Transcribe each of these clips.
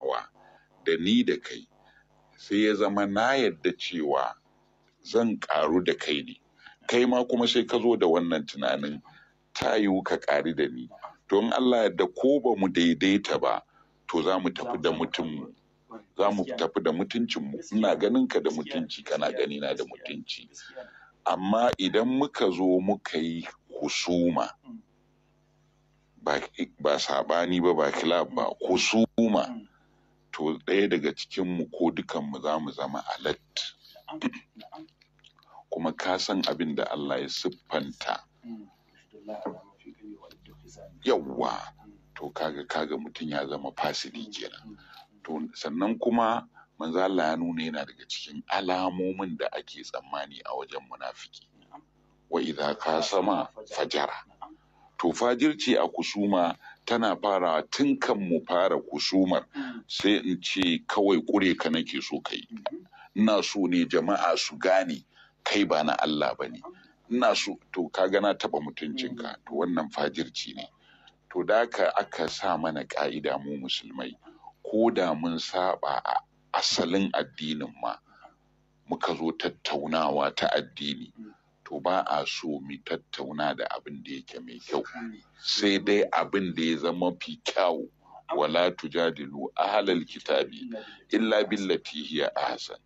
…wa da ni da kai sai ya zama na yadda cewa zan ƙaru da kai ne kai ma kuma sai ka zo da wannan tunanin ta yiwu ka ƙari da ni to in Allah yadda ko ba mu daidaita ba to za mu tafi da mutum za mu tafi da mutuncinmu ina ganin ka da mutunci kana gani na da mutunci amma idan muka zo muka yi husuma ba saɓani ba ba kilab ba ko suma, mm. to ɗaya daga cikin mu ko dukanmu za mu zama alert kuma ka san abin da Allah ya siffanta mm. yawwa mm. to kaga kaga mutum ya zama fasidi kenan to sannan kuma manzo Allah ya nuna yana daga cikin alamomin da ake tsammani a wajen munafiki wa idza kasama fajara to fajirci a kusuma tana fara tun kan mu fara kusumar mm. sai in ce kawai kure ka nake so kai mm-hmm. ina so ne jama'a su gane kai ba na Allah ba ne ina so to ka gana taba mutuncinka mm-hmm. to wannan fajirci ne to da ka aka sa mana ka'ida mu musulmai ko da mun saba a asalin addinin ma muka zo tattaunawa ta addini mm. to ba a so mu tattauna da abin da yake mai kyau sai dai abin da ya zama fi kyau wala tujadilu ahlal kitabi illa billati hiya ahsan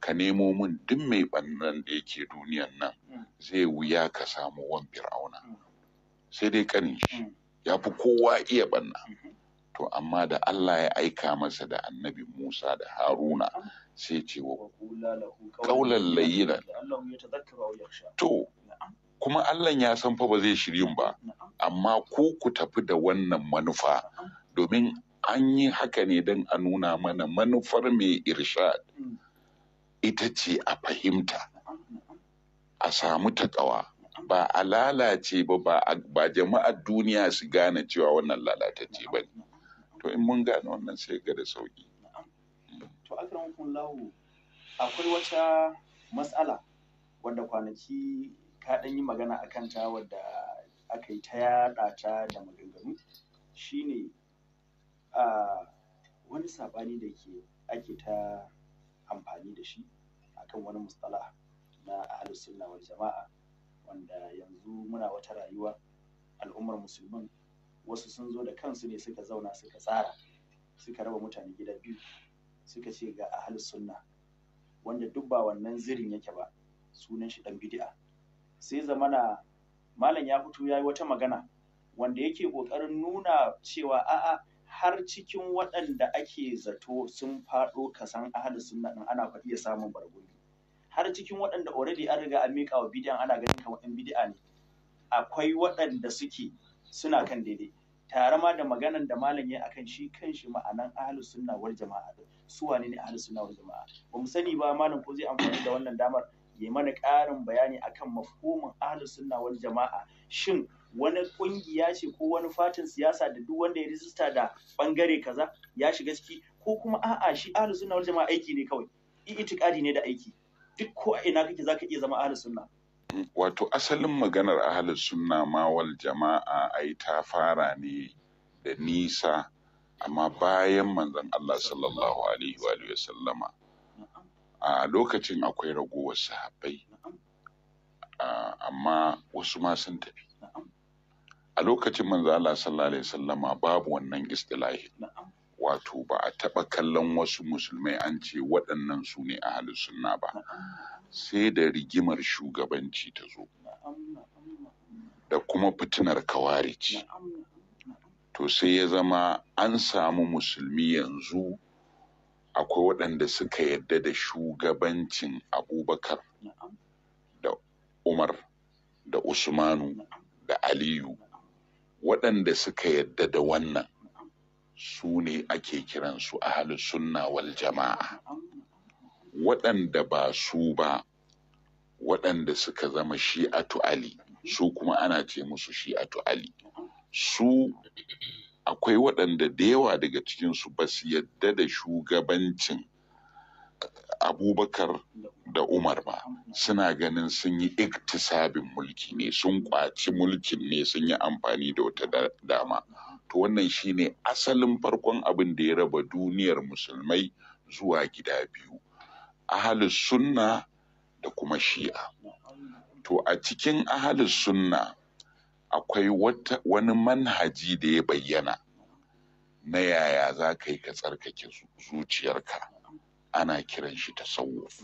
ka nemo mun duk mai bannan da yake duniyan nan zai wuya ka samu wan fir'auna sai dai kanin shi ya fi kowa iya banna to amma da Allah ya aika masa da annabi Musa da Haruna sai ce wa qawlan layyinan to kuma Allah ya san fa ba zai shirin ba amma ku ku tafi da wannan manufa domin an yi haka ne don a nuna mana manufar mai irshad mm. ita ce a fahimta a samu takawa ba a lalace ba ba jama'ar duniya su gane cewa wannan lalatacce ba ne to in mun gane wannan sai ga da sauki akwai wata matsala wadda kwanaki ka ɗan yi magana a kanta wadda aka yi ta yaɗa ta da maganganu shine a wani saɓani da ke ake ta amfani da shi akan wani matsala na ahlus sunna wal jama'a wanda yanzu muna wata rayuwa al'ummar musulman wasu sun zo da kansu ne suka zauna suka tsara suka raba mutane gida biyu suka ce ga ahlus sunna wanda duk ba wannan zirin yake ba sunan shi dan bid'a sai zamana malam ya fito yayi wata magana wanda yake kokarin nuna cewa a'a har cikin waɗanda ake zato sun faɗo kasan ahli sunna din ana faɗi ya samun barguni har cikin waɗanda already an riga an miƙa wa bidiyan ana ganin kamar ɗan bidi'a ne akwai waɗanda suke suna kan daidai tare ma da maganan da malam ya akan shi kanshi ma'anan ahlus sunna wal jama'a su wane ne ahlus sunna wal jama'a ba mu sani ba malam ko zai amfani da wannan damar ya mana ƙarin bayani akan mafhumin ahlus sunna wal jama'a shin wani kungiya ce ko wani fatin siyasa da duk wanda ya rijista da bangare kaza ya shiga ciki ko kuma a'a shi ahlus sunna wal jama'a aiki ne kawai i'tiqadi ne da aiki duk ko a ina kake zaka iya zama ahlus sunna wato asalin maganar ahalin sunna mawal jama'a ai ta fara ne da nisa amma bayan manzon Allah sallallahu alaihi wa sallama a lokacin akwai ragowar sahabbai amma wasu ma sun tafi a lokacin manzo Allah sallallahu alaihi sallama babu wannan istilahi wato ba a taɓa kallon wasu musulmai an ce waɗannan su ne ahalus sunna ba sai da rigimar shugabanci ta zo da kuma fitinar kawarici to sai ya zama an samu musulmi yanzu akwai waɗanda suka yadda da shugabancin abubakar da umar da usmanu da aliyu waɗanda suka yadda da wannan su ne ake kiransu ahalus sunna wal jama'a waɗanda ba su ba waɗanda suka zama shi'atu ali su kuma ana ce musu shi'atu ali su akwai waɗanda da yawa daga cikinsu ba su yadda da shugabancin abubakar da umar ba suna ganin sun yi iktisabin mulki ne sun kwaci mulkin ne sun yi amfani da wata dama to wannan shine asalin farkon abin da ya raba duniyar musulmai zuwa gida biyu ahalus sunna da kuma shi'a to a cikin ahalus sunna akwai wani manhaji da ya bayyana na yaya za ka yi ka tsarkake zuciyarka ana kiran shi tasawuf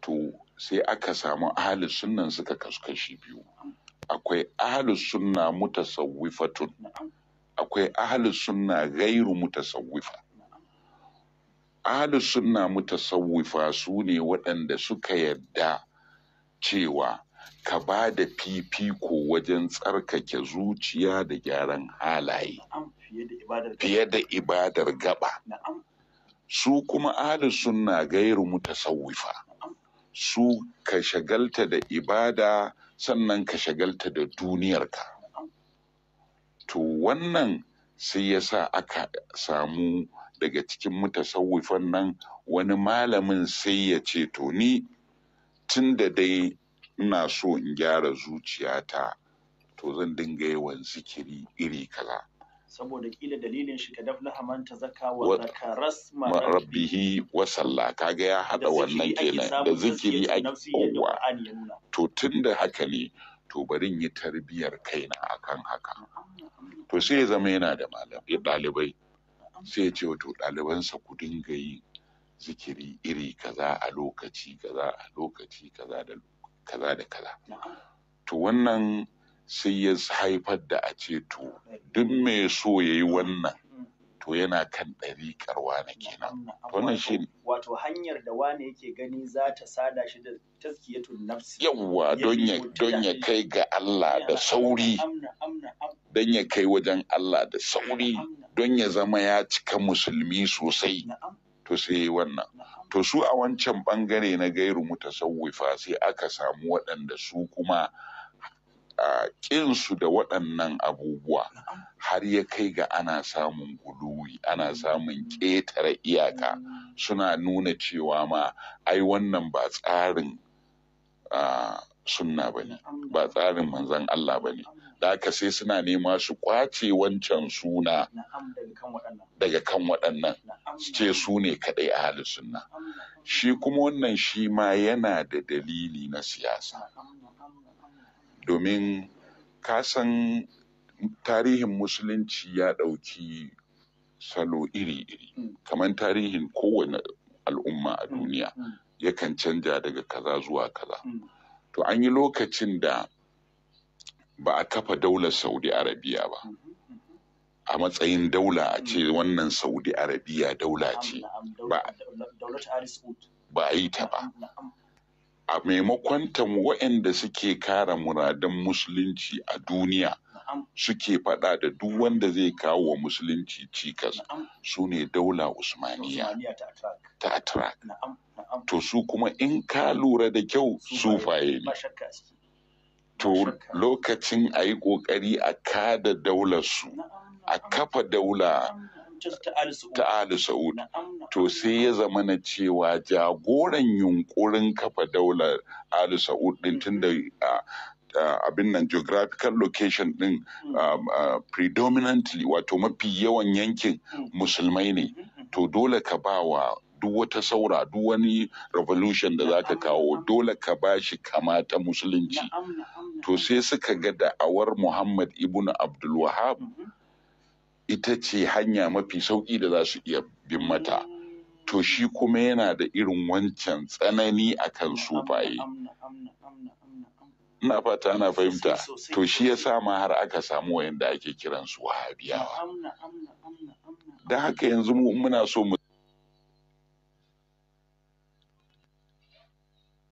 to sai aka samu ahalus sunnan suka kaskashi biyu akwai ahalus sunna mutasawwifatun akwai ahalus sunna gairu mutasawwifa ahalus sunna mutasawwifa su ne waɗanda suka yadda cewa ka ba da fifiko wajen tsarkake zuciya da gyaran halaye fiye da ibadar gaba su kuma ahlus sunna gairu mutasawwifa su ka shagalta da ibada sannan ka shagalta da duniyarka to wannan sai ya sa aka samu daga cikin mutasawwifan nan wani malamin sai ya ce to ni tun da dai ina so in gyara zuciyata to zan dinga yawan zikiri iri kaza saboda kila dalilin shi ka dafla hamanta zaka wa rasma rabbihi wa salla kaga ya hada wannan kenan da zikiri a kowa to tunda haka ne to barin yi tarbiyar kaina akan haka to sai ya zama yana da malamai ɗalibai sai ya ce to ɗalibansa ku dinga yin zikiri iri kaza a lokaci kaza a lokaci kaza da kaza to wannan sai ya haifar da a ceto. duk mai so ya yi wannan mm. to yana kan ɗari karwa na kenan mm, mm, wannan shi wato hanyar da wani yake gani za ta sada shi da tazkiyatun nafsi yawwa don ya kai ga Allah da sauri don ya kai wajen Allah da sauri don ya zama ya cika musulmi sosai to sai yi wannan to su a wancan bangare na gairu mutasawwifa sai aka samu waɗanda su kuma kinsu da waɗannan abubuwa har ya kai ga ana samun guluwi ana mm. samun ƙetare iyaka suna nuna cewa ma ai wannan ba tsarin sunna ba ne ba tsarin manzan Allah ba ne da aka sai suna nema su kwace wancan suna daga kan waɗannan su ce su ne kaɗai ahalin sunna shi kuma wannan shi ma yana da dalili na siyasa domin kasan tarihin musulunci ya ɗauki salo iri-iri hmm. kamar tarihin kowane al'umma a hmm. duniya hmm. yakan canja daga kaza zuwa kaza to an yi lokacin da ba a kafa daular saudi arabiya ba a matsayin daula a ce wannan saudi arabiya daula ce ba a yi ta ba a maimakon ta waɗanda suke kara muradun musulunci a duniya suke faɗa da duk wanda zai kawo wa musulunci cikas su ne daula usmaniya ta atrak to su kuma in ka lura da kyau su faye ne to lokacin a yi ƙoƙari a kada daular su a kafa daula ta Ali Sa'ud to sai ya zama na cewa jagoran yunkurin kafa daular Ali Sa'ud din mm-hmm. tun da abin nan geographical location din mm-hmm. predominantly wato mafi yawan yankin mm-hmm. musulmai ne to dole ka ba wa duk wata saura duk wani revolution da za ka kawo dole ka ba shi kamata musulunci to sai suka ga da'awar muhammad ibn abdul wahab mm -hmm. ita ce hanya mafi sauƙi da za su iya bin mata to shi kuma yana da irin wancan tsanani a kan sufaye ina fata ana fahimta to shi ya sa ma har aka samu wayanda ake kiransu wahabiyawa da haka yanzu mu muna so mu